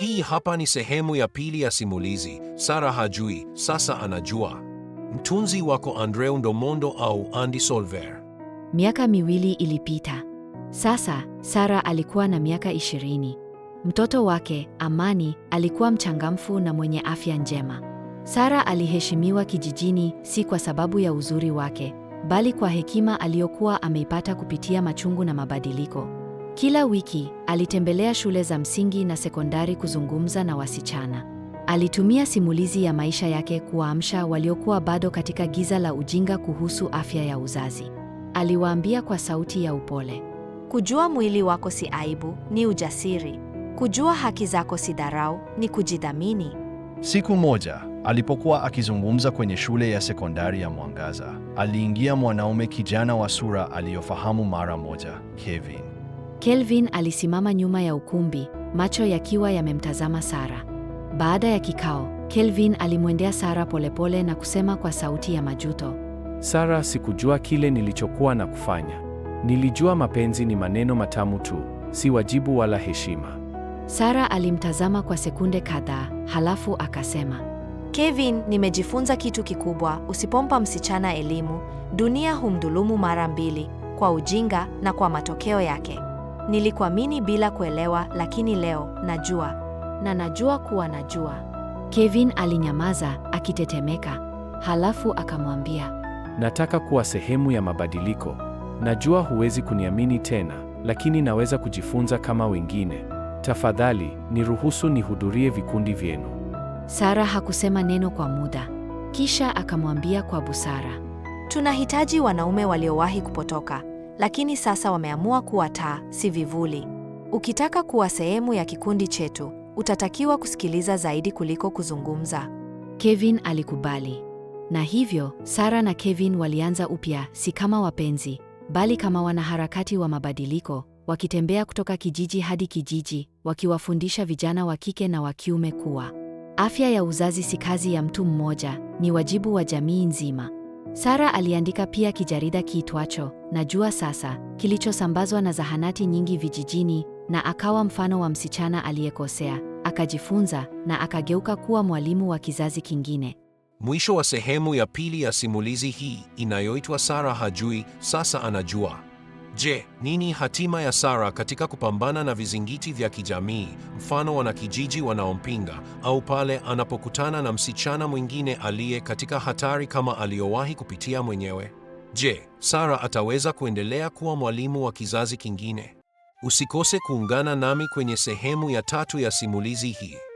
Hii hapa ni sehemu ya pili ya simulizi Sara hajui, sasa anajua. Mtunzi wako Andreu Ndomondo au Andy Solver. Miaka miwili ilipita. Sasa Sara alikuwa na miaka ishirini. Mtoto wake Amani alikuwa mchangamfu na mwenye afya njema. Sara aliheshimiwa kijijini, si kwa sababu ya uzuri wake, bali kwa hekima aliyokuwa ameipata kupitia machungu na mabadiliko. Kila wiki alitembelea shule za msingi na sekondari kuzungumza na wasichana. Alitumia simulizi ya maisha yake kuwaamsha waliokuwa bado katika giza la ujinga kuhusu afya ya uzazi. Aliwaambia kwa sauti ya upole, kujua mwili wako si aibu, ni ujasiri. Kujua haki zako si dharau, ni kujidhamini. Siku moja alipokuwa akizungumza kwenye shule ya sekondari ya Mwangaza, aliingia mwanaume kijana wa sura aliyofahamu mara moja, Kevin. Kelvin alisimama nyuma ya ukumbi, macho yakiwa yamemtazama Sara. Baada ya kikao, Kelvin alimwendea Sara polepole na kusema kwa sauti ya majuto, Sara, sikujua kile nilichokuwa na kufanya. Nilijua mapenzi ni maneno matamu tu, si wajibu wala heshima. Sara alimtazama kwa sekunde kadhaa, halafu akasema, Kevin, nimejifunza kitu kikubwa. Usipompa msichana elimu, dunia humdhulumu mara mbili, kwa ujinga na kwa matokeo yake. Nilikuamini bila kuelewa, lakini leo najua, na najua kuwa najua. Kevin alinyamaza akitetemeka, halafu akamwambia, nataka kuwa sehemu ya mabadiliko. Najua huwezi kuniamini tena, lakini naweza kujifunza kama wengine. Tafadhali niruhusu nihudhurie vikundi vyenu. Sara hakusema neno kwa muda, kisha akamwambia kwa busara, tunahitaji wanaume waliowahi kupotoka lakini sasa wameamua kuwa taa, si vivuli. Ukitaka kuwa sehemu ya kikundi chetu, utatakiwa kusikiliza zaidi kuliko kuzungumza. Kevin alikubali, na hivyo Sara na Kevin walianza upya, si kama wapenzi, bali kama wanaharakati wa mabadiliko, wakitembea kutoka kijiji hadi kijiji, wakiwafundisha vijana wa kike na wa kiume kuwa afya ya uzazi si kazi ya mtu mmoja, ni wajibu wa jamii nzima. Sara aliandika pia kijarida kiitwacho Najua Sasa, kilichosambazwa na zahanati nyingi vijijini, na akawa mfano wa msichana aliyekosea, akajifunza na akageuka kuwa mwalimu wa kizazi kingine. Mwisho wa sehemu ya pili ya simulizi hii inayoitwa Sara Hajui Sasa Anajua. Je, nini hatima ya Sara katika kupambana na vizingiti vya kijamii, mfano wanakijiji wanaompinga, au pale anapokutana na msichana mwingine aliye katika hatari kama aliyowahi kupitia mwenyewe? Je, Sara ataweza kuendelea kuwa mwalimu wa kizazi kingine? Usikose kuungana nami kwenye sehemu ya tatu ya simulizi hii.